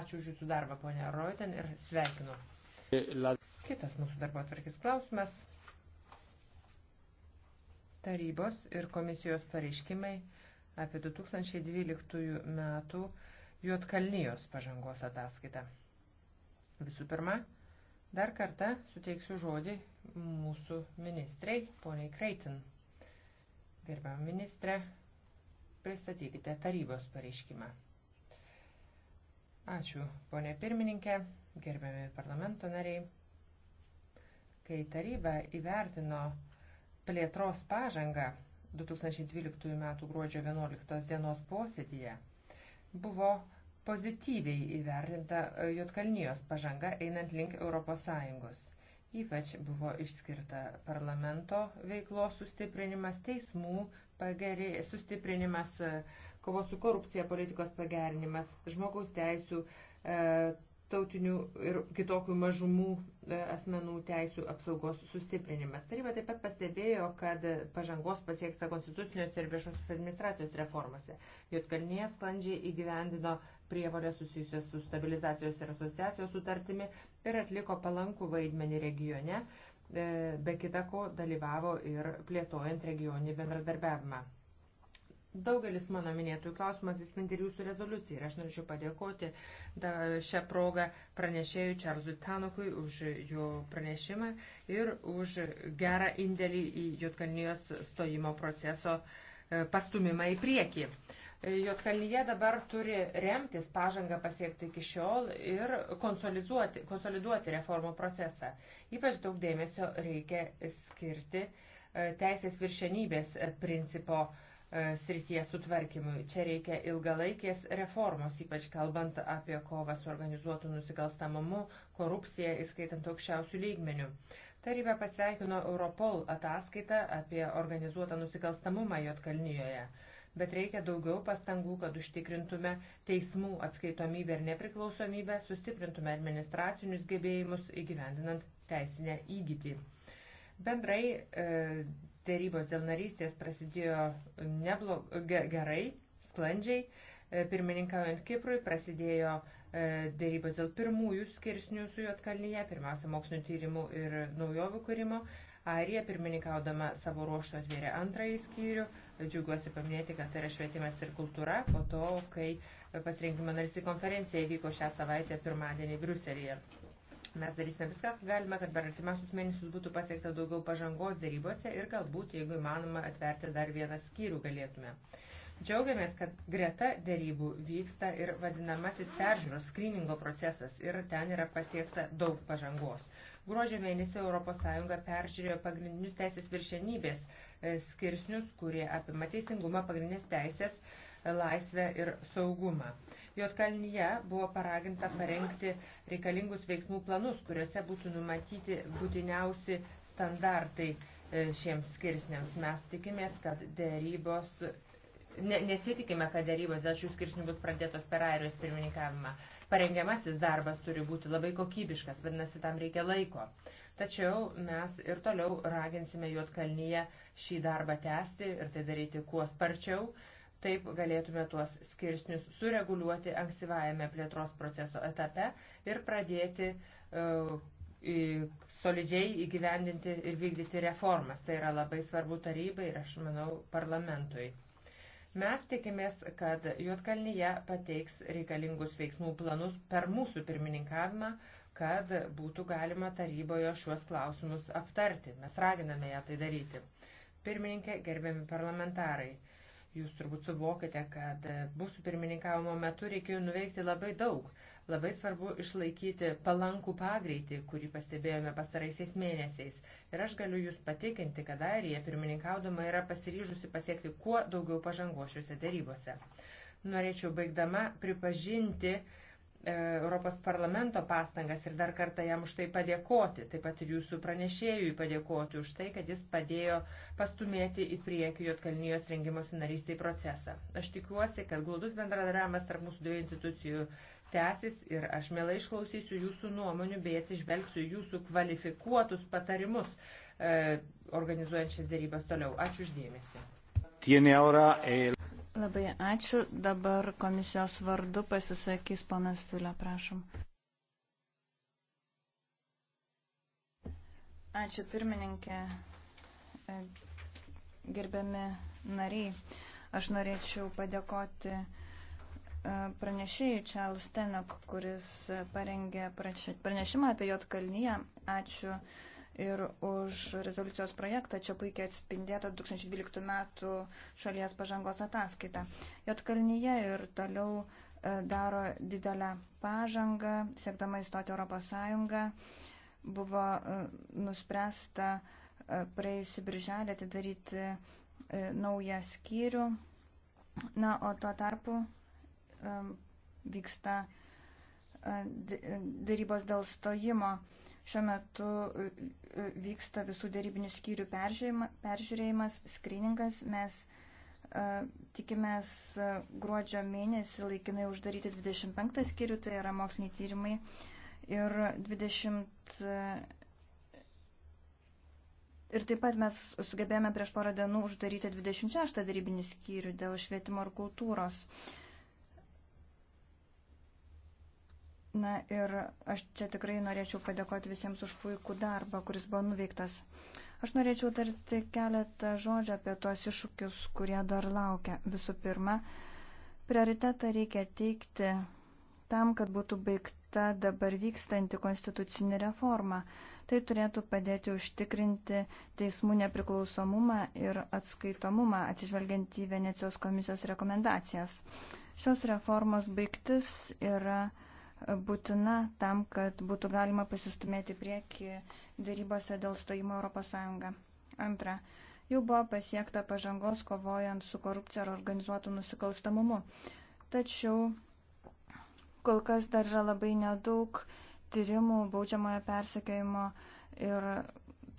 Ačiū už jūsų darbą, ponia Roiten, ir sveikinu. Kitas mūsų darbo atvarkis klausimas. Tarybos ir komisijos pareiškimai apie 2012 metų Juotkalnijos pažangos ataskaitą. Visų pirma, dar kartą suteiksiu žodį mūsų ministrei, poniai Kreitin. Gerbiam ministrė, pristatykite tarybos pareiškimą. Ačiū, ponė pirmininkė, gerbiami parlamento nariai. Kai taryba įvertino plėtros pažangą 2012 m. gruodžio 11 dienos posėdyje, buvo pozityviai įvertinta e, Jotkalnijos pažanga einant link ES. Ypač buvo išskirta parlamento veiklos sustiprinimas, teismų pagerė, sustiprinimas, uh, kovos su korupcija politikos pagerinimas, žmogaus teisų, e, tautinių ir kitokių mažumų e, asmenų teisų apsaugos sustiprinimas. Taryba taip pat pastebėjo, kad pažangos pasieksta konstitucinės ir viešosios administracijos reformose. Jotkalnyje sklandžiai įgyvendino prievalę susijusias su stabilizacijos ir asociacijos sutartimi ir atliko palankų vaidmenį regione, e, be kitako dalyvavo ir plėtojant regioninį bendradarbiavimą. Daugelis mano minėtųjų klausimų atsispindi ir jūsų rezoliucijai. Ir aš norėčiau padėkoti da, šią progą pranešėjui Čarlzui Tanokui už jo pranešimą ir už gerą indėlį į Jotkalnijos stojimo proceso e, pastumimą į priekį. E, Jotkalnyje dabar turi remtis pažangą pasiekti iki šiol ir konsoliduoti reformų procesą. Ypač daug dėmesio reikia skirti e, teisės viršenybės principo uh, E, srityje sutvarkymui. Čia reikia ilgalaikės reformos, ypač kalbant apie kovą su organizuotu nusikalstamumu, korupcija, įskaitant aukščiausių lygmenių. Taryba pasveikino Europol ataskaitą apie organizuotą nusikalstamumą Jotkalnyjoje, bet reikia daugiau pastangų, kad užtikrintume teismų atskaitomybę ir nepriklausomybę, sustiprintume administracinius gebėjimus įgyvendinant teisinę įgytį. Bendrai e, dėrybos dėl narystės prasidėjo neblog, gerai, sklandžiai. E, pirmininkaujant Kiprui prasidėjo e, dėrybos dėl pirmųjų skirsnių su Jotkalnyje, pirmiausia mokslinio tyrimų ir naujovių kūrimo. Airija pirmininkaudama savo ruoštų atvėrė antrąjį skyrių. Džiaugiuosi paminėti, kad tai yra švietimas ir kultūra po to, kai pasirinkimo narys į konferenciją įvyko šią savaitę pirmadienį Briuselėje. Mes darysime viską, ką galime, kad per artimiausius mėnesius būtų pasiekta daugiau pažangos darybose ir galbūt, jeigu įmanoma, atverti dar vieną skyrių galėtume. Džiaugiamės, kad greta darybų vyksta ir vadinamasis peržiūros skriningo procesas ir ten yra pasiekta daug pažangos. Gruodžio mėnesį ES peržiūrėjo pagrindinius teisės viršenybės e, skirsnius, kurie apima teisingumą, pagrindinės teisės, laisvę ir saugumą. Jotkalnyje buvo paraginta parengti reikalingus veiksmų planus, kuriuose būtų numatyti būtiniausi standartai e, šiems skirsniams. Mes tikimės, kad dėrybos, ne, nesitikime, kad dėrybos dėl šių skirsnių bus pradėtos per airijos pirmininkavimą. Parengiamasis darbas turi būti labai kokybiškas, vadinasi, tam reikia laiko. Tačiau mes ir toliau raginsime Juotkalnyje šį darbą tęsti ir tai daryti kuo sparčiau. Taip galėtume tuos skirsnius sureguliuoti ankstyvajame plėtros proceso etape ir pradėti e, solidžiai įgyvendinti ir vykdyti reformas. Tai yra labai svarbu tarybai ir, aš manau, parlamentui. Mes tikimės, kad Juotkalnyje pateiks reikalingus veiksmų planus per mūsų pirmininkavimą, kad būtų galima taryboje šiuos klausimus aptarti. Mes raginame ją tai daryti. Pirmininkė, gerbiami parlamentarai, Jūs turbūt suvokite, kad mūsų pirmininkavimo metu reikėjo nuveikti labai daug. Labai svarbu išlaikyti palankų pagreitį, kurį pastebėjome pastaraisiais mėnesiais. Ir aš galiu Jūs patikinti, kad Airija pirmininkaudama yra pasiryžusi pasiekti kuo daugiau pažangos šiuose darybose. Norėčiau baigdama pripažinti, E, Europos parlamento pastangas ir dar kartą jam už tai padėkoti, taip pat ir jūsų pranešėjui padėkoti už tai, kad jis padėjo pastumėti į priekį Jotkalnyjos rengimosi narystiai procesą. Aš tikiuosi, kad glaudus bendradarbiavimas tarp mūsų dviejų institucijų tęsis ir aš mielai išklausysiu jūsų nuomonių bei atsižvelgsiu jūsų kvalifikuotus patarimus e, organizuojant šias dėrybas toliau. Ačiū uždėmesi. Labai ačiū. Dabar komisijos vardu pasisakys ponas Fiulė, prašom. Ačiū pirmininkė, e, gerbiami nariai. Aš norėčiau padėkoti e, pranešėjai Charles Tenok, kuris parengė pranešimą apie Jotkalnyje. Ačiū ir už rezoliucijos projektą. Čia puikiai atspindėta 2012 metų šalies pažangos ataskaita. Jotkalnyje ir toliau e, daro didelę pažangą, siekdama įstoti Europos Sąjungą. Buvo e, nuspręsta e, praėjusi birželį atidaryti naują skyrių. Na, o tuo tarpu vyksta darybos dėl stojimo. Šiuo metu e, e, vyksta visų dėrybinių skyrių peržiūrėjimas, skriningas. Mes e, tikimės gruodžio mėnesį laikinai uždaryti 25 skyrių, tai yra moksliniai tyrimai. Ir 20. Ir taip pat mes sugebėjome prieš porą dienų uždaryti 26 darybinį skyrių dėl švietimo ir kultūros. Uh, Na ir aš čia tikrai norėčiau padėkoti visiems už puikų darbą, kuris buvo nuveiktas. Aš norėčiau tarti keletą žodžių apie tuos iššūkius, kurie dar laukia. Visų pirma, prioritetą reikia teikti tam, kad būtų baigta dabar vykstanti konstitucinė reforma. Tai turėtų padėti užtikrinti teismų nepriklausomumą ir atskaitomumą, atsižvelgiant į Venecijos komisijos rekomendacijas. Šios reformos baigtis yra būtina tam, kad būtų galima pasistumėti prieki darybose dėl stojimo Europos Sąjungą. Antra, jau buvo pasiekta pažangos kovojant su korupcija ar organizuotų nusikalstamumu. Tačiau kol kas dar yra labai nedaug tyrimų baudžiamojo persekėjimo ir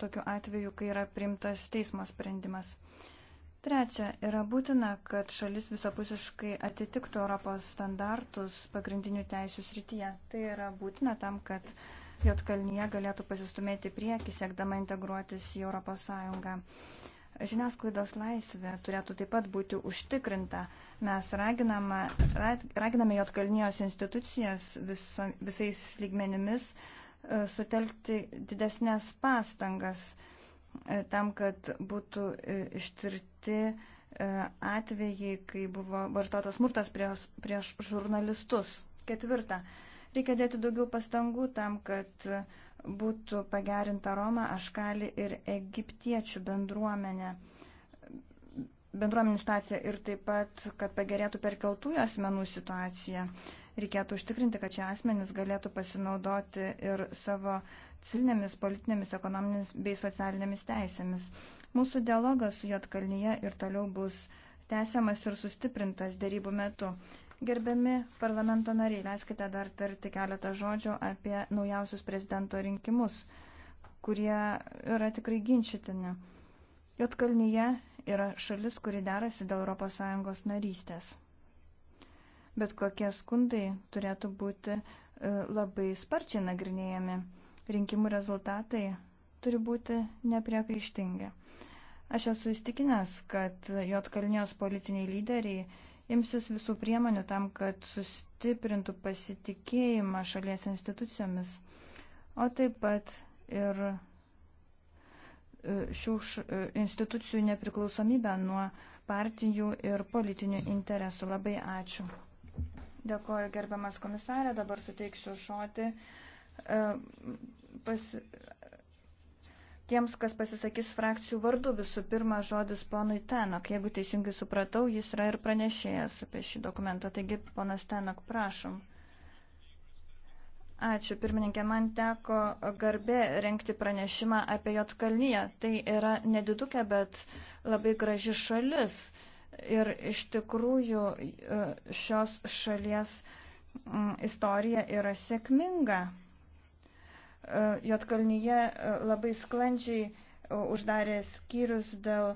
tokiu atveju, kai yra primtas teismo sprendimas. Uh, Trečia, yra būtina, kad šalis visapusiškai atitiktų Europos standartus pagrindinių teisų srityje. Tai yra būtina tam, kad Jotkalnyje galėtų pasistumėti prieki, siekdama integruotis į Europos Sąjungą. Žiniasklaidos laisvė turėtų taip pat būti užtikrinta. Mes raginama, raginame Jotkalnyjos institucijas viso, visais lygmenimis e, sutelkti didesnės pastangas E, tam, kad būtų e, ištirti e, atvejai, kai buvo vartotas smurtas prieš, prieš žurnalistus. Ketvirta, reikia dėti daugiau pastangų tam, kad būtų pagerinta Roma, Aškali ir egiptiečių bendruomenė. Bendruomenių situacija ir taip pat, kad pagerėtų perkeltųjų asmenų situacija. Reikėtų užtikrinti, kad šie asmenys galėtų pasinaudoti ir savo civilinėmis, politinėmis, ekonominėmis bei socialinėmis teisėmis. Mūsų dialogas su Jotkalnyje ir toliau bus tęsiamas ir sustiprintas dėrybų metu. Gerbiami parlamento nariai, leiskite dar tarti keletą žodžių apie naujausius prezidento rinkimus, kurie yra tikrai ginčytini. Jotkalnyje yra šalis, kuri derasi dėl ES narystės bet kokie skundai turėtų būti e, labai sparčiai nagrinėjami. Rinkimų rezultatai turi būti nepriekaištingi. Aš esu įstikinęs, kad Jotkalnijos politiniai lyderiai imsis visų priemonių tam, kad sustiprintų pasitikėjimą šalies institucijomis, o taip pat ir e, šių e, institucijų nepriklausomybę nuo partijų ir politinių interesų. Labai ačiū. Dėkoju, gerbiamas komisarė. Dabar suteiksiu žodį e, pas, tiems, kas pasisakys frakcijų vardu. Visų pirma, žodis ponui Tenok. Jeigu teisingai supratau, jis yra ir pranešėjęs apie šį dokumentą. Taigi, ponas Tenok, prašom. Ačiū, pirmininkė. Man teko garbė renkti pranešimą apie Jotkalnyje. Tai yra nedidukė, bet labai graži šalis. Uh, Ir iš tikrųjų e, šios šalies istorija yra sėkminga. E, Jotkalnyje e, labai sklandžiai uždarė skyrius dėl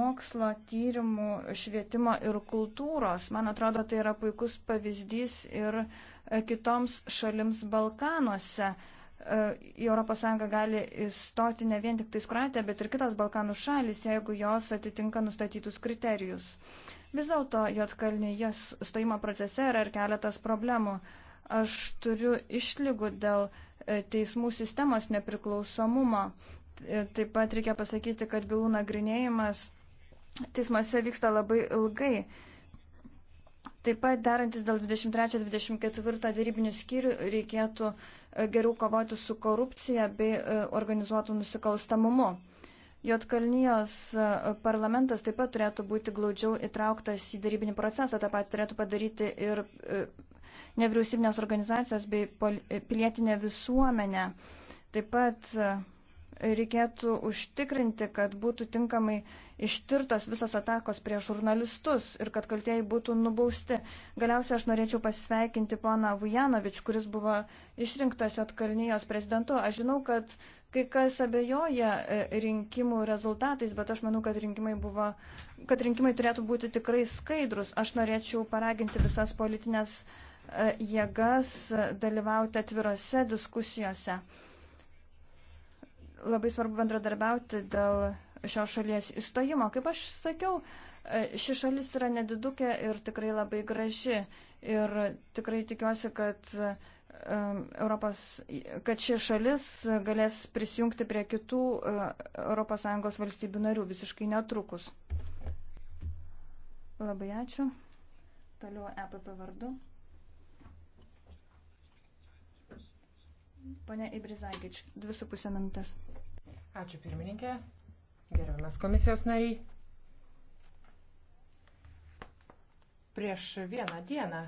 mokslo, tyrimų, švietimo ir kultūros. Man atrodo, tai yra puikus pavyzdys ir kitoms šalims Balkanuose. E, į ES gali įstoti ne vien tik tais Kroatija, bet ir kitos Balkanų šalis, jeigu jos atitinka nustatytus kriterijus. Vis dėlto Jotkalnyjas stojimo procese yra ir keletas problemų. Aš turiu išlygų dėl e, teismų sistemos nepriklausomumo. E, taip pat reikia pasakyti, kad bylų nagrinėjimas teismuose vyksta labai ilgai. Taip pat darantis dėl 23-24 dėrybinių skyrių reikėtų uh, geriau kovoti su korupcija bei e, organizuotų nusikalstamumu. Jotkalnyjos e, parlamentas taip pat turėtų būti glaudžiau įtrauktas į darybinį procesą, tą pat turėtų padaryti ir e, nevyriausybinės organizacijos bei pilietinė visuomenė. Taip pat reikėtų užtikrinti, kad būtų tinkamai ištirtos visos atakos prie žurnalistus ir kad kaltieji būtų nubausti. Galiausiai aš norėčiau pasveikinti poną Vujanovič, kuris buvo išrinktas Jotkalnyjos prezidentu. Aš žinau, kad kai kas abejoja e, rinkimų rezultatais, bet aš manau, kad rinkimai, buvo, kad rinkimai turėtų būti tikrai skaidrus. Aš norėčiau paraginti visas politinės e, jėgas dalyvauti atvirose diskusijose labai svarbu bendradarbiauti dėl šios šalies įstojimo. Kaip aš sakiau, e, ši šalis yra nedidukė ir tikrai labai graži. Ir tikrai tikiuosi, kad, e, Europos, kad ši šalis galės prisijungti prie kitų ES valstybių narių visiškai netrukus. Labai ačiū. Toliau EPP vardu. Pane Ibrizagič, dvi su pusė minutės. Ačiū pirmininkė, gerbiamas komisijos nariai. Prieš vieną dieną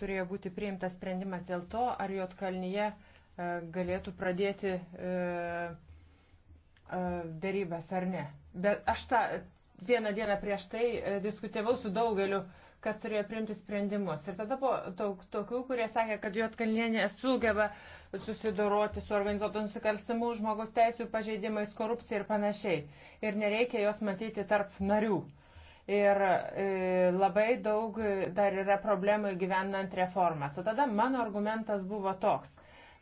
turėjo būti priimtas sprendimas dėl to, ar Jotkalnyje e, galėtų pradėti e, e, dėrybas ar ne. Bet aš tą vieną dieną prieš tai diskutavau su daugeliu uh, kas turėjo priimti sprendimus. Ir tada buvo daug tokių, kurie sakė, kad Jotkalnienė sugeba susidoroti su organizuotu nusikalstimu, žmogaus teisų pažeidimais, korupcija ir panašiai. Ir nereikia jos matyti tarp narių. Ir e, labai daug dar yra problemų įgyvendant reformas. O tada mano argumentas buvo toks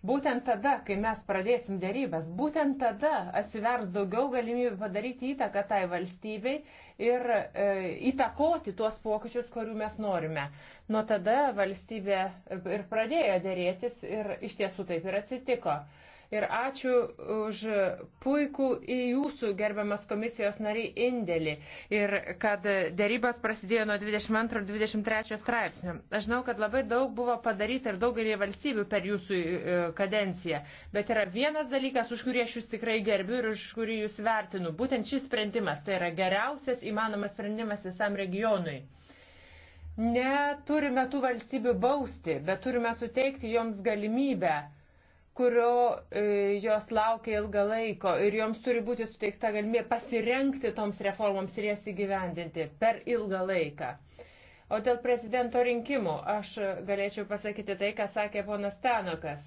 Būtent tada, kai mes pradėsim dėrybas, būtent tada atsivers daugiau galimybių padaryti įtaką tai valstybei ir e, įtakoti tuos pokyčius, kurių mes norime. Nuo tada valstybė ir pradėjo dėrėtis ir iš tiesų taip ir atsitiko. E, Ir ačiū už puikų į jūsų gerbiamas komisijos nariai indėlį ir kad dėrybos prasidėjo nuo 22 ir 23 straipsnių. Aš žinau, kad labai daug buvo padaryta ir daugelį valstybių per jūsų e, kadenciją, bet yra vienas dalykas, už kurį aš jūs tikrai gerbiu ir už kurį jūs vertinu. Būtent šis sprendimas tai yra geriausias įmanomas sprendimas visam regionui neturime tų valstybių bausti, bet turime suteikti joms galimybę kurio e, jos laukia ilgą laiko ir joms turi būti suteikta galimybė pasirenkti toms reformoms ir jas įgyvendinti per ilgą laiką. O dėl prezidento rinkimų aš galėčiau pasakyti tai, ką sakė ponas Tanokas.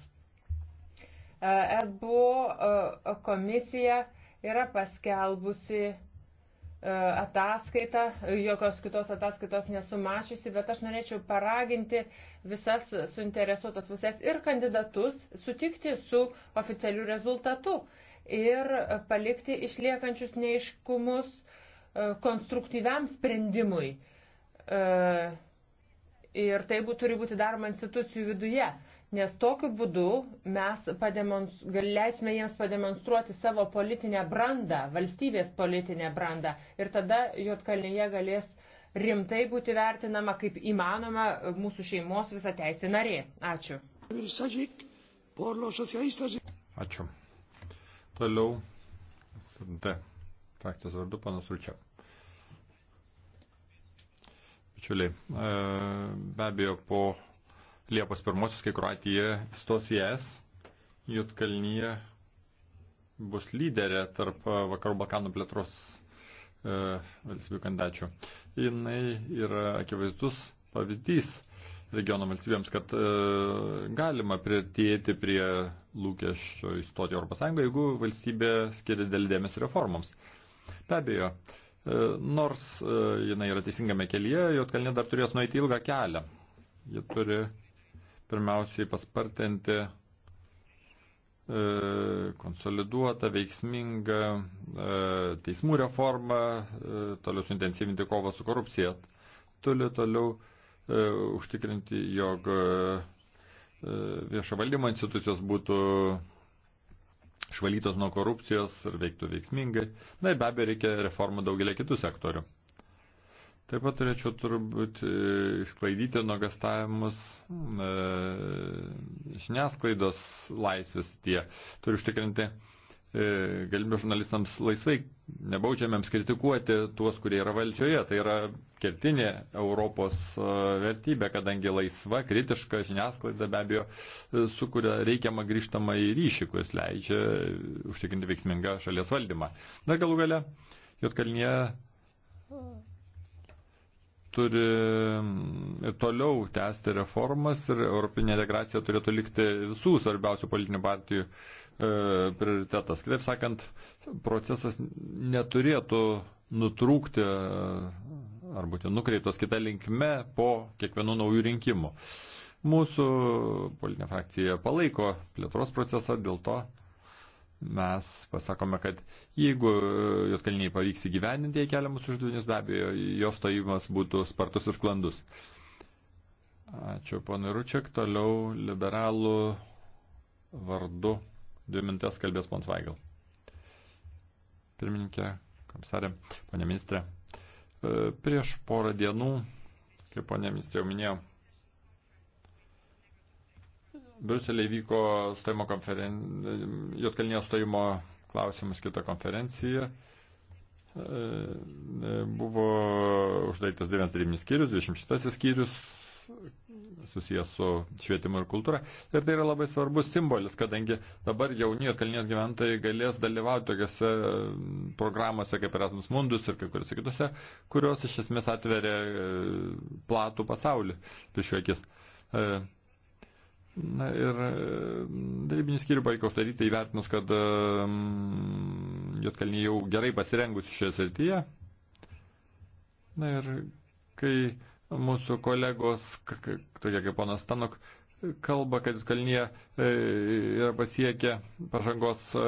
ESBO e, komisija yra paskelbusi ataskaitą, jokios kitos ataskaitos nesumašysi, bet aš norėčiau paraginti visas suinteresuotas pusės ir kandidatus sutikti su oficialiu rezultatu ir palikti išliekančius neiškumus e, konstruktyviam sprendimui. E, ir tai turi būti daroma institucijų viduje. Nes tokiu būdu mes leisime jiems pademonstruoti savo politinę brandą, valstybės politinę brandą. Ir tada Jotkalnyje galės rimtai būti vertinama kaip įmanoma mūsų šeimos visą teisę narė. Ačiū. Ačiū. Toliau SD frakcijos vardu panas Ručia. Bičiuliai, e, be abejo, po Liepos 1, kai Kroatija stos į ES, Jutkalnyje bus lyderė tarp e, Vakarų Balkanų plėtros e, valstybių kandidačių. Jis yra akivaizdus pavyzdys regiono valstybėms, kad e, galima priartėti prie lūkesčio įstoti Europos Sąjungą, jeigu valstybė skiria dėl dėmesio reformoms. Be abejo, e, nors e, jinai yra teisingame kelyje, Jotkalnė dar turės nueiti ilgą kelią. Ji turi e, pirmiausiai paspartinti e, konsoliduotą, veiksmingą e, teismų reformą, e, toliau suintensyvinti kovą su korupcija, toliau, toliau e, užtikrinti, jog e, e, viešo valdymo institucijos būtų švalytos nuo korupcijos ir veiktų veiksmingai. Na ir be abejo reikia reformų daugelį kitų sektorių. Taip pat turėčiau turbūt e, išklaidyti nuogastavimus e, žiniasklaidos laisvės tie. Turiu užtikrinti e, galimybę žurnalistams laisvai nebaudžiamiems kritikuoti tuos, kurie yra valdžioje. Tai yra kertinė Europos vertybė, kadangi laisva, kritiška žiniasklaida be abejo sukuria reikiamą grįžtamą į ryšį, kuris leidžia užtikrinti veiksmingą šalies valdymą. Na galų gale, Jotkalnie turi mm, ir toliau tęsti reformas ir europinė integracija turėtų likti visų svarbiausių politinių partijų e, prioritetas. Kitaip sakant, procesas neturėtų nutrūkti e, ar būti nukreiptas kitą linkme po kiekvienų naujų rinkimų. Mūsų politinė frakcija palaiko plėtros procesą, dėl to mes pasakome, kad jeigu e, Jotkalniai pavyks įgyvendinti į keliamus uždavinius, be abejo, jos stojimas būtų spartus ir sklandus. Ačiū, ponai Ručiak. Toliau liberalų vardu dvi minutės kalbės pons Vaigal. Pirmininkė, komisarė, ponė ministrė. E, prieš porą dienų, kaip ponė ministrė jau minėjo, Briuselėje vyko stojimo konferen... Jotkalnio stojimo klausimus kitą konferenciją. E, e, buvo uždarytas 99 skyrius, 26 skyrius susijęs su švietimu ir kultūra. Ir tai yra labai svarbus simbolis, kadangi dabar jauni ir kalinės gyventojai galės dalyvauti tokiuose programuose kaip Erasmus Mundus ir kai kuriuose kitose, kurios iš esmės atveria e, platų pasaulį prieš jų akis. Na ir e, darybinį skyrių pavyko uždaryti tai įvertinus, kad um, e, Jotkalnyje jau gerai pasirengusi šioje srityje. Na ir kai mūsų kolegos, tokie kaip ponas Stanok, uh, kalba, kad Kalnyje yra pasiekę pažangos e,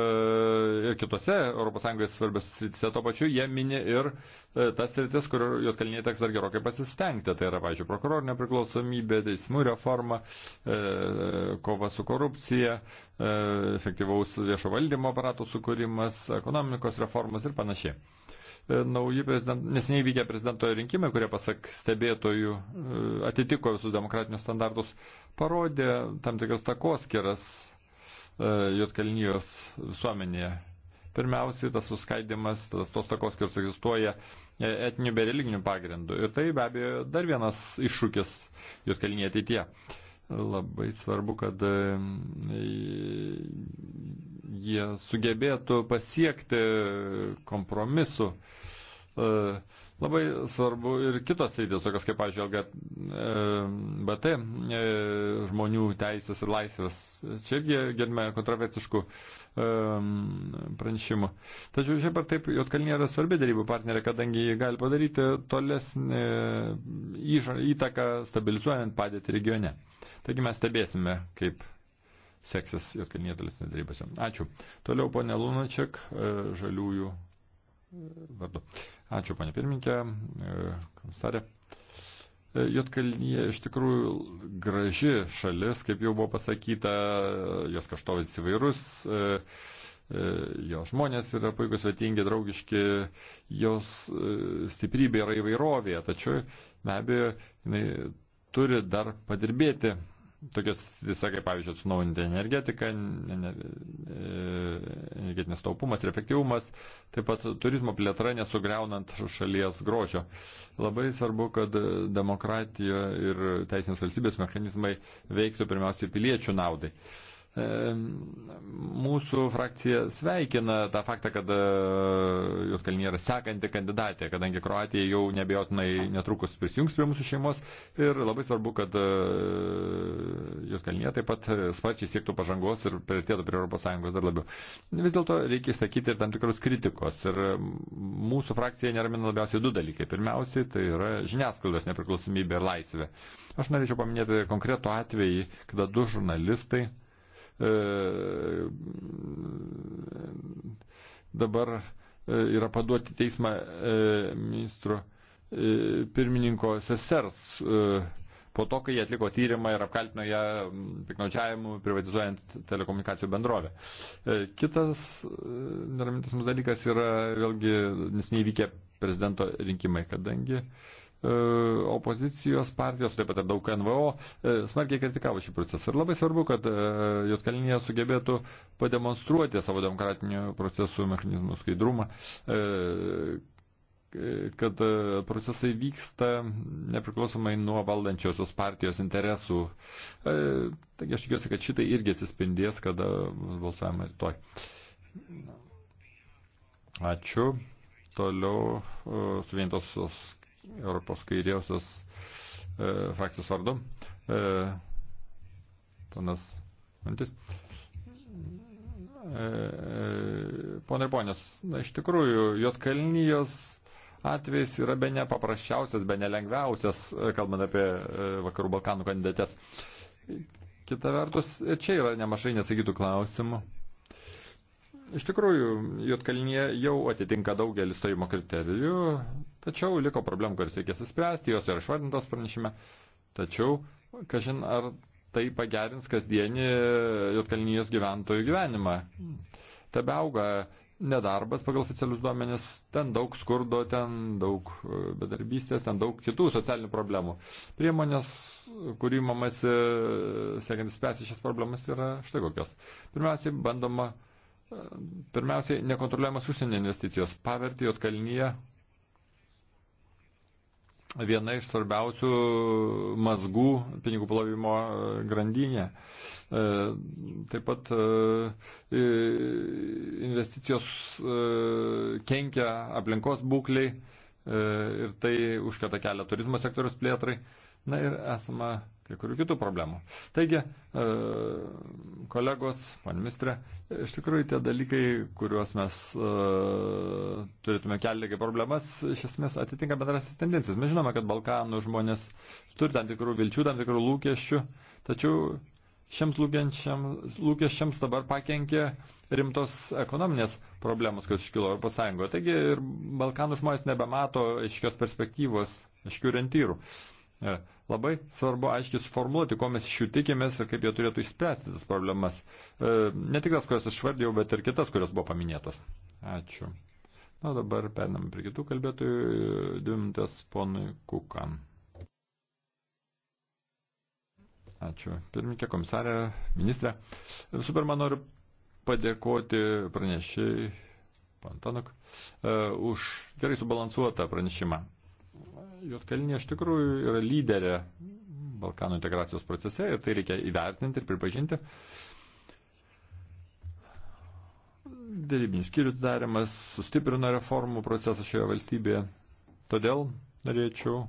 ir kitose ES svarbios srityse. Tuo pačiu jie mini ir e, tas sritis, kur Jotkalnyje teks dar gerokai pasistengti. Tai yra, pavyzdžiui, prokurorų nepriklausomybė, teismų reforma, e, kova su korupcija, efektyvaus viešo valdymo aparatų sukūrimas, ekonomikos reformos ir panašiai. E, nauji prezident, nesiniai vykę prezidento rinkimai, kurie, pasak stebėtojų, e, atitiko visus demokratinius standartus, parodė tam tikras takoskiras e, Jotkalnyjos visuomenėje. Pirmiausiai tas suskaidimas, tas tos takoskirs egzistuoja etiniu bei religiniu pagrindu. Ir tai be abejo dar vienas iššūkis Jotkalnyje ateityje labai svarbu, kad jie sugebėtų pasiekti kompromisu. E, labai svarbu ir kitos rytis, tokios kaip, pavyzdžiui, LGBT e, e, žmonių teisės ir laisvės. Čia irgi girdime kontroversiškų pranešimų. Tačiau šiaip ar taip, Jotkalnė yra svarbi darybų partnerė, kadangi jie gali padaryti tolesnį įtaką stabilizuojant padėtį regione. Taigi mes stebėsime, kaip seksis ir kalnietelėse darybose. Ačiū. Toliau ponė Lunačiak, e, žaliųjų e, vardu. Ačiū, panė pirmininkė, e, komisarė. Jotkalnyje iš tikrųjų graži šalis, kaip jau buvo pasakyta, jos kaštovis įvairus, jo žmonės yra puikus, svetingi, draugiški, jos stiprybė yra įvairovė, tačiau be abejo, jinai turi dar padirbėti tokias, visai kaip pavyzdžiui, atsinaujinti energetiką, e, energetinės taupumas ir efektyvumas, taip pat turizmo plėtra nesugriaunant šalies grožio. Labai svarbu, kad demokratija ir teisinės valstybės mechanizmai veiktų pirmiausiai piliečių naudai. Uh, Mūsų frakcija sveikina tą faktą, kad e, Jotkalnyje yra sekanti kandidatė, kadangi Kroatija jau nebejotinai netrukus prisijungs prie mūsų šeimos ir labai svarbu, kad e, Jotkalnyje taip pat sparčiai siektų pažangos ir prieartėtų prie ES dar labiau. Vis dėlto reikia išsakyti ir tam tikros kritikos ir mūsų frakcija neramina labiausiai du dalykai. Pirmiausiai tai yra žiniasklaidos nepriklausomybė ir laisvė. Aš norėčiau paminėti konkretų atvejį, kada du žurnalistai E, dabar e, yra paduoti teismą e, ministro pirmininko sesers po to, kai jie atliko tyrimą ir apkaltino ją piknaudžiavimu privatizuojant telekomunikacijų bendrovę. Kitas neramintis mums dalykas yra vėlgi nesneįvykę prezidento rinkimai, kadangi uh, E, opozicijos partijos, taip pat ir daug NVO, e, smarkiai kritikavo šį procesą. Ir labai svarbu, kad e, Jotkalinėje sugebėtų pademonstruoti savo demokratinių procesų mechanizmų skaidrumą, kad procesai vyksta nepriklausomai nuo valdančiosios partijos interesų. Taigi aš tikiuosi, kad šitai irgi atsispindės, kada balsuojama rytoj. Ačiū. Toliau suvientos Europos kairiausios e, frakcijos vardu. E, panas Mantis. E, Pone ponės, na iš tikrųjų, Jotkalnyjos atvejs yra be nepaprasčiausias, be nelengviausias, e, kalbant apie e, Vakarų Balkanų kandidates. Kita vertus, čia yra nemažai nesakytų klausimų. Iš tikrųjų, Jotkalnyje jau atitinka daugelį stojimo kriterijų, Tačiau liko problemų, kurias reikės įspręsti, jos yra išvardintos pranešime. Tačiau, kažin, ar tai pagerins kasdienį Jotkalnyjos gyventojų gyvenimą. Tebe auga nedarbas pagal oficialius duomenis, ten daug skurdo, ten daug e, bedarbystės, ten daug kitų socialinių problemų. Priemonės, kurį mamasi e, siekiant spręsti šias problemas, yra štai kokios. Pirmiausiai, bandoma, e, pirmiausiai, nekontroliuojamas užsienio investicijos paverti Jotkalnyje viena iš svarbiausių mazgų pinigų plovimo e, grandinė. E, taip pat e, investicijos kenkia aplinkos būkliai ir tai užkėta kelią turizmo sektoriaus plėtrai. Na ir esama kai kurių kitų problemų. Taigi, e, kolegos, man ministrė, iš tikrųjų tie dalykai, kuriuos mes e, turėtume kelti kaip problemas, iš esmės atitinka bendrasis tendencijas. Mes žinome, kad Balkanų žmonės turi tam tikrų vilčių, tam tikrų lūkesčių, tačiau šiems lūkesčiams dabar pakenkė rimtos ekonominės problemos, kurios iškilo Europos Sąjungoje. Taigi ir Balkanų žmonės nebemato aiškios perspektyvos, aiškių rentyrų. Yeah. Labai svarbu aiškiai suformuoluoti, ko mes iš jų tikimės ir kaip jie turėtų išspręsti tas problemas. E, ne tik tas, kurias išvardėjau, bet ir kitas, kurios buvo paminėtos. Ačiū. Na dabar perinam prie kitų kalbėtojų. Dvi minutės ponui Kukan. Ačiū. Pirmininkė, komisarė, ministrė. Visų pirma, noriu padėkoti pranešiai Pantanok e, už gerai subalansuotą pranešimą. Jotkalinė iš tikrųjų yra lyderė Balkanų integracijos procese ir tai reikia įvertinti ir pripažinti. Dėrybinių skyrių darimas sustiprino reformų procesą šioje valstybėje. Todėl norėčiau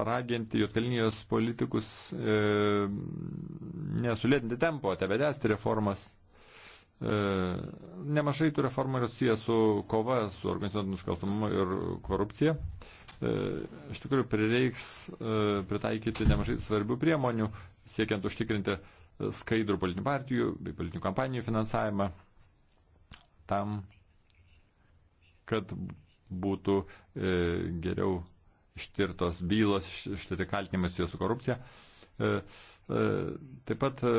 paraginti Jotkalinijos politikus e, nesulėtinti tempo, tebedesti reformas E, nemažai tų reformų yra susiję su kova, su organizuotų nusikalstamumu ir korupcija. E, iš tikrųjų, prireiks e, pritaikyti nemažai svarbių priemonių, siekiant užtikrinti skaidrų politinių partijų bei politinių kampanijų finansavimą tam, kad būtų geriau ištirtos bylos, ištirti kaltinimas su korupcija. E, e, taip pat e,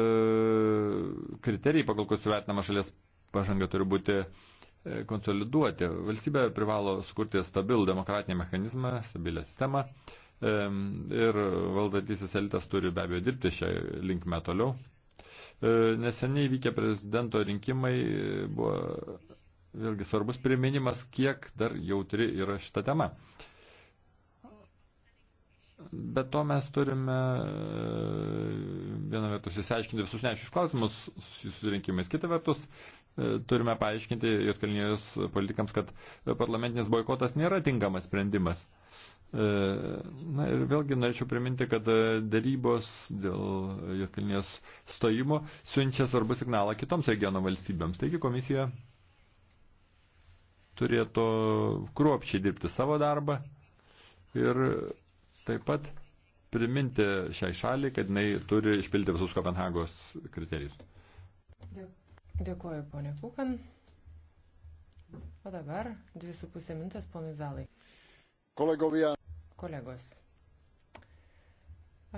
kriterijai, pagal kuriuos vertinama šalies pažanga, turi būti konsoliduoti. Valstybė privalo sukurti stabilų demokratinį mechanizmą, stabilę sistemą ir valdantisis elitas turi be abejo dirbti šią linkmę toliau. Neseniai vykę prezidento rinkimai buvo vėlgi svarbus priminimas, kiek dar jautri yra šita tema. Bet to mes turime vieną vertus įsiaiškinti visus neaiškius klausimus su rinkimais, kitą vertus turime paaiškinti Jotkalnijos politikams, kad parlamentinis boikotas nėra tinkamas sprendimas. Na ir vėlgi norėčiau priminti, kad darybos dėl Jotkalnijos stojimo siunčia svarbu signalą kitoms regiono valstybėms. Taigi komisija turėtų kruopščiai dirbti savo darbą ir taip pat priminti šiai šaliai, kad jinai turi išpildyti visus Kopenhagos kriterijus. Dėkuoju, ponė Kukan. O dabar dvi su pusė mintas, ponai Zalai. Kolegovia. Kolegos.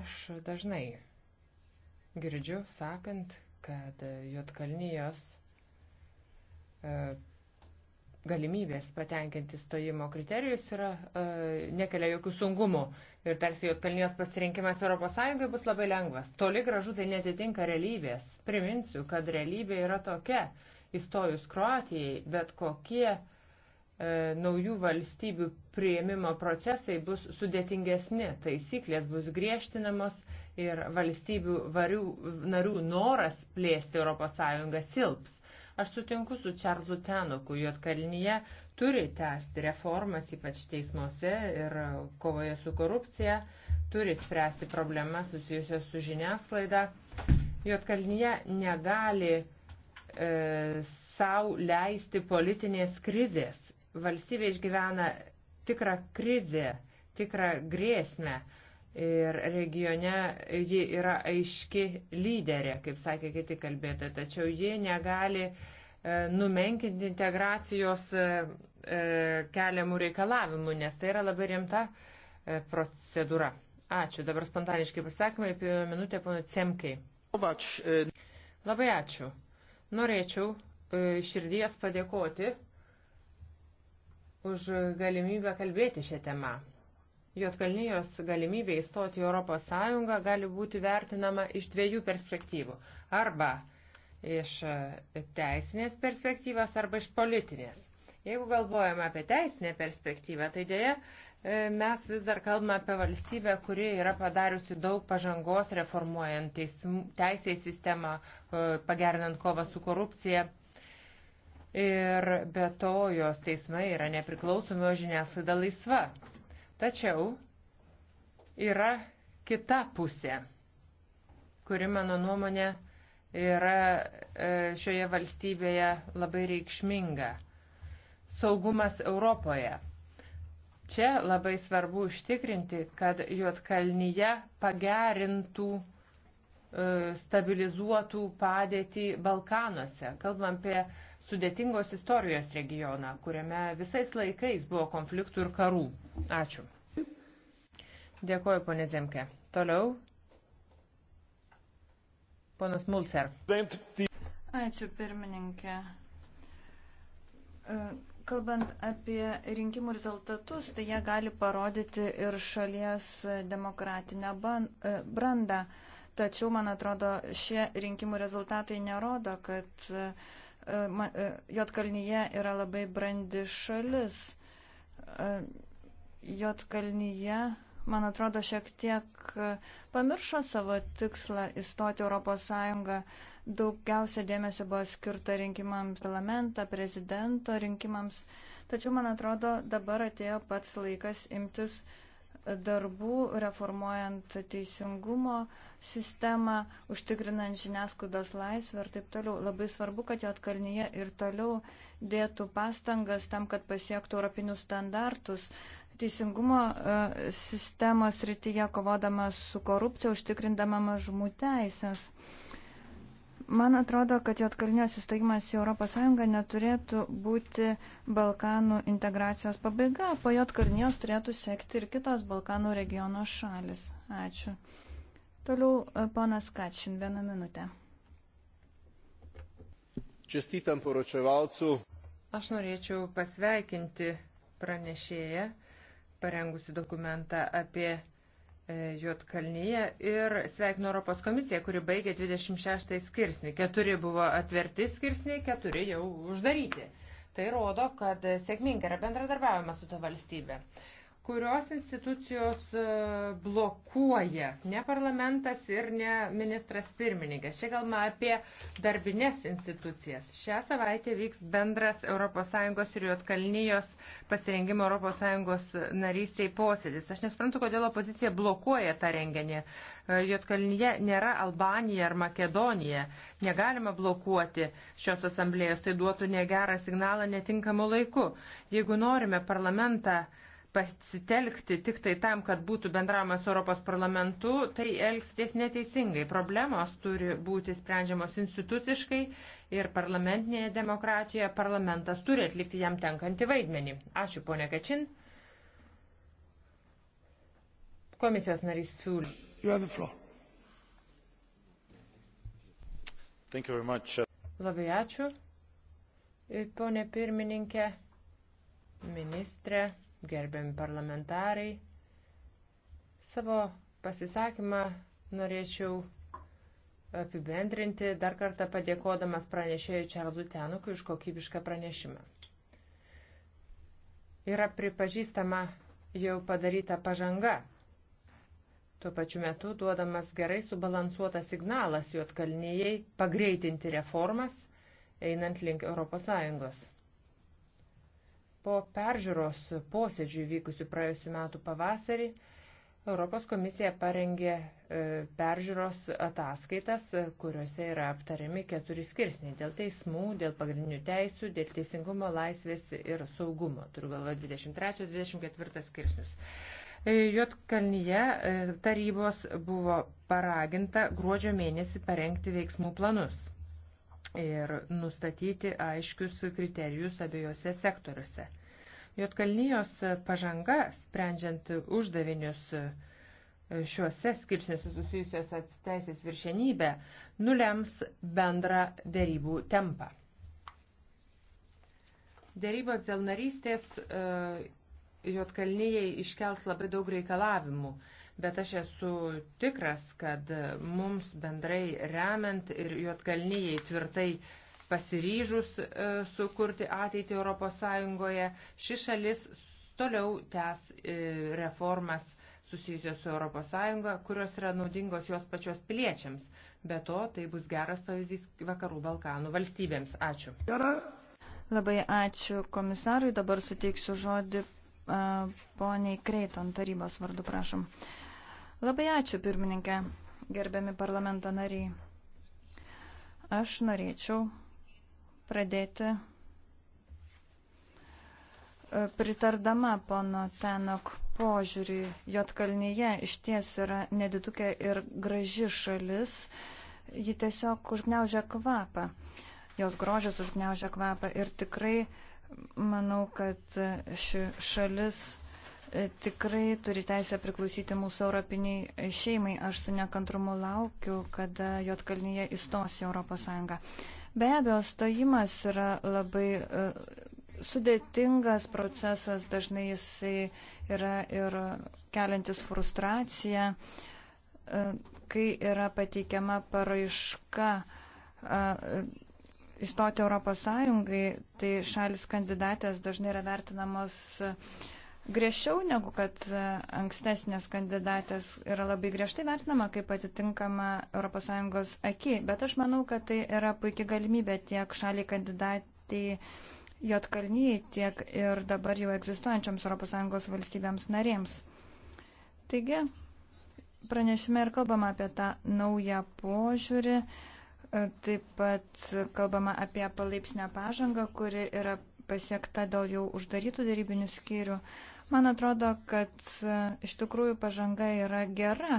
Aš dažnai girdžiu sakant, kad Jotkalnyjos e, galimybės patenkinti stojimo kriterijus yra, e, nekelia jokių sungumų ir tarsi Jotkalnijos pasirinkimas ES bus labai lengvas. Toli gražu tai netitinka realybės. Priminsiu, kad realybė yra tokia, įstojus Kroatijai, bet kokie e, naujų valstybių prieimimo procesai bus sudėtingesni, taisyklės bus griežtinamos ir valstybių varių, narių noras plėsti ES silps Aš sutinku su Čarlzu Tenoku, Jotkalnyje turi tęsti reformas, ypač teismuose ir kovoje su korupcija, turi spręsti problemas susijusios su žiniasklaida. Jotkalnyje negali e, savo leisti politinės krizės. Valstybė išgyvena tikrą krizę, tikrą grėsmę. E, Ir regione ji yra aiški lyderė, kaip sakė kiti kalbėtojai, tačiau ji negali e, numenkinti integracijos e, e, keliamų reikalavimų, nes tai yra labai rimta procedūra. Ačiū. Dabar spontaniškai pasakymai apie minutę pono Cemkai. Labai ačiū. Norėčiau širdies padėkoti už galimybę kalbėti šią temą. Jotkalnyjos galimybė įstoti į Europos Sąjungą gali būti vertinama iš dviejų perspektyvų. Arba iš e, teisinės perspektyvos, arba iš politinės. Jeigu galvojame apie teisinę perspektyvą, tai dėja e, mes vis dar kalbame apie valstybę, kuri yra padariusi daug pažangos reformuojant teisės sistemą, e, pagerinant kovą su korupcija. Ir be to jos teismai yra nepriklausomi, o žiniasklaida laisva. Tačiau yra kita pusė, kuri mano nuomonė yra e, šioje valstybėje labai reikšminga. Saugumas Europoje. Čia labai svarbu užtikrinti, kad Juotkalnyje pagerintų, e, stabilizuotų padėtį Balkanuose. Kalbam apie sudėtingos istorijos regioną, kuriame visais laikais buvo konfliktų ir karų. Ačiū. Dėkuoju, ponė Zemke. Toliau. Ponas Mulcer. Ačiū, pirmininkė. E, kalbant apie rinkimų rezultatus, tai jie gali parodyti ir šalies demokratinę e, brandą. Tačiau, man atrodo, šie rinkimų rezultatai nerodo, kad e, Jotkalnyje yra labai brandi šalis. Jotkalnyje, man atrodo, šiek tiek pamiršo savo tikslą įstoti Europos Sąjungą. Daugiausia dėmesio buvo skirta rinkimams parlamentą, prezidento rinkimams. Tačiau, man atrodo, dabar atėjo pats laikas imtis darbų, reformuojant teisingumo sistemą, užtikrinant žiniasklaidos laisvę ir taip toliau. Labai svarbu, kad Jotkalnyje ir toliau dėtų pastangas tam, kad pasiektų europinius standartus, teisingumo e, sistemos rytyje, kovodama su korupcija, užtikrindama mažumų teisės. Man atrodo, kad Jotkalnijos įstojimas į ES neturėtų būti Balkanų integracijos pabaiga. Po Jotkalnijos turėtų sekti ir kitos Balkanų regiono šalis. Ačiū. Toliau e, ponas Kačin, vieną minutę. Čestitam poročevalcu. Aš norėčiau pasveikinti pranešėją parengusi dokumentą apie e, Juotkalnyje ir sveikinu Europos komisiją, kuri baigė 26 skirsnį. Keturi buvo atverti skirsniai, keturi jau uždaryti. Tai rodo, kad sėkmingai yra bendradarbiavimas su ta valstybė kurios institucijos e, blokuoja, ne parlamentas ir ne ministras pirmininkas. Čia galima apie darbinės institucijas. Šią savaitę vyks bendras ES ir Jotkalnyjos pasirengimo ES narystiai posėdis. Aš nesuprantu, kodėl opozicija blokuoja tą renginį. E, Jotkalnyje nėra Albanija ar Makedonija. Negalima blokuoti šios asamblėjos, tai duotų negerą signalą netinkamu laiku. Jeigu norime parlamentą, pasitelkti tik tai tam, kad būtų bendravimas su Europos parlamentu, tai elgsties neteisingai. Problemos turi būti sprendžiamos instituciškai ir parlamentinėje demokratijoje parlamentas turi atlikti jam tenkantį vaidmenį. Ačiū, ponė Kačin. Komisijos narys Fiul. Labai ačiū. Pone pirmininkė, ministrė gerbiami parlamentarai. Savo pasisakymą norėčiau apibendrinti dar kartą padėkodamas pranešėjui Čarlzu Tenukui už kokybišką pranešimą. Yra pripažįstama jau padaryta pažanga. Tuo pačiu metu duodamas gerai subalansuotas signalas juotkalnyjei pagreitinti reformas, einant link ES. Po peržiūros posėdžių vykusių praėjusiu metu pavasarį Europos komisija parengė e, peržiūros ataskaitas, kuriuose yra aptariami keturi skirsniai dėl teismų, dėl pagrindinių teisų, dėl teisingumo, laisvės ir saugumo. Turiu galvoje 23-24 skirsnius. E, Jotkalnyje e, tarybos buvo paraginta gruodžio mėnesį parengti veiksmų planus ir nustatyti aiškius kriterijus abiejose sektoriuose. Jotkalnyjos pažanga, sprendžiant uždavinius e, šiuose skiršniuose susijusiuose teisės viršenybę, nulems bendrą dėrybų tempą. Dėrybos dėl narystės e, Jotkalnyjei iškels labai daug reikalavimų, bet aš esu tikras, kad mums bendrai remiant ir Jotkalnyjei tvirtai pasiryžus e, sukurti ateitį ES, ši šalis toliau tęs e, reformas susijusios su ES, kurios yra naudingos jos pačios piliečiams. Be to, tai bus geras pavyzdys Vakarų Balkanų valstybėms. Ačiū. Labai ačiū komisarui. Dabar suteiksiu žodį uh, poniai Kreiton tarybos vardu, prašom. Labai ačiū, pirmininkė, gerbiami parlamento nariai. Aš norėčiau pradėti e, pritardama pono Tenok požiūriui. Jotkalnyje iš ties yra nedidukė ir graži šalis. Ji tiesiog užgneužia kvapą. Jos grožis užgneužia kvapą. Ir tikrai manau, kad ši šalis e, tikrai turi teisę priklausyti mūsų europiniai šeimai. Aš su nekantrumu laukiu, kada Jotkalnyje įstos į Europos Sąjungą. Be abejo, stojimas yra labai e, sudėtingas procesas, dažnai jisai yra ir keliantis frustraciją, e, kai yra pateikiama paraiška įstoti Europos Sąjungai, tai šalis kandidatės dažnai yra vertinamos uh, griežčiau negu kad e, ankstesnės kandidatės yra labai griežtai vertinama kaip atitinkama ES aki, bet aš manau, kad tai yra puikia galimybė tiek šaliai kandidatai Jotkalnyje, tiek ir dabar jau egzistuojančiams ES valstybėms narėms. Taigi, pranešime ir kalbama apie tą naują požiūrį, e, taip pat kalbama apie palaipsnę pažangą, kuri yra pasiekta dėl jau uždarytų dėrybinių skyrių. Man atrodo, kad e, iš tikrųjų pažanga yra gera.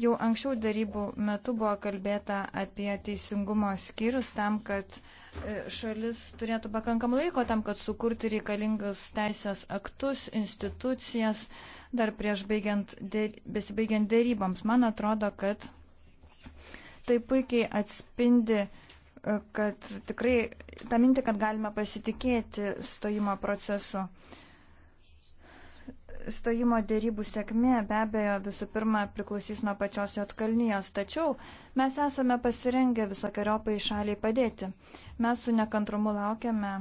Jau anksčiau darybų metu buvo kalbėta apie teisingumo skyrius tam, kad e, šalis turėtų pakankamai laiko tam, kad sukurti reikalingus teisės aktus, institucijas, dar prieš baigiant, dėry, besibaigiant dėryboms. Man atrodo, kad tai puikiai atspindi, e, kad tikrai tą mintį, kad galime pasitikėti stojimo procesu stojimo dėrybų sėkmė be abejo visų pirma priklausys nuo pačios Jotkalnyjos, tačiau mes esame pasirengę visokiojopai šaliai padėti. Mes su nekantrumu laukiame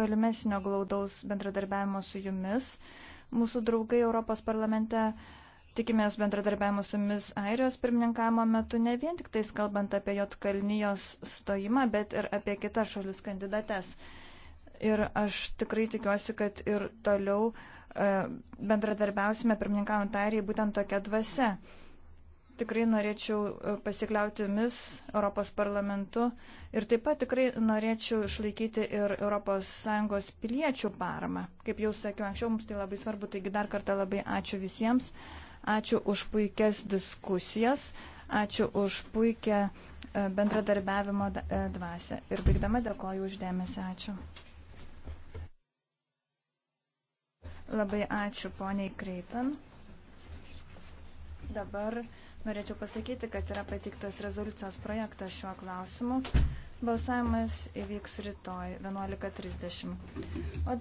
tolimesnio glaudaus bendradarbiavimo su jumis. Mūsų draugai Europos parlamente tikimės bendradarbiavimo su jumis Airijos pirmininkavimo metu, ne vien tik tais kalbant apie Jotkalnyjos stojimą, bet ir apie kitas šalis kandidates. Ir aš tikrai tikiuosi, kad ir toliau uh, E, bendradarbiausime pirmininkavant airiai būtent tokia dvasia. Tikrai norėčiau e, pasikliauti jumis, Europos parlamentu ir taip pat tikrai norėčiau išlaikyti ir ES piliečių paramą. Kaip jau sakiau anksčiau, mums tai labai svarbu, taigi dar kartą labai ačiū visiems, ačiū už puikias diskusijas, ačiū už puikią e, bendradarbiavimo dvasę. Ir baigdama dėkoju uždėmesi, ačiū. Labai ačiū poniai Kreitan. Dabar norėčiau pasakyti, kad yra patiktas rezoliucijos projektas šiuo klausimu. Balsavimas įvyks rytoj 11.30.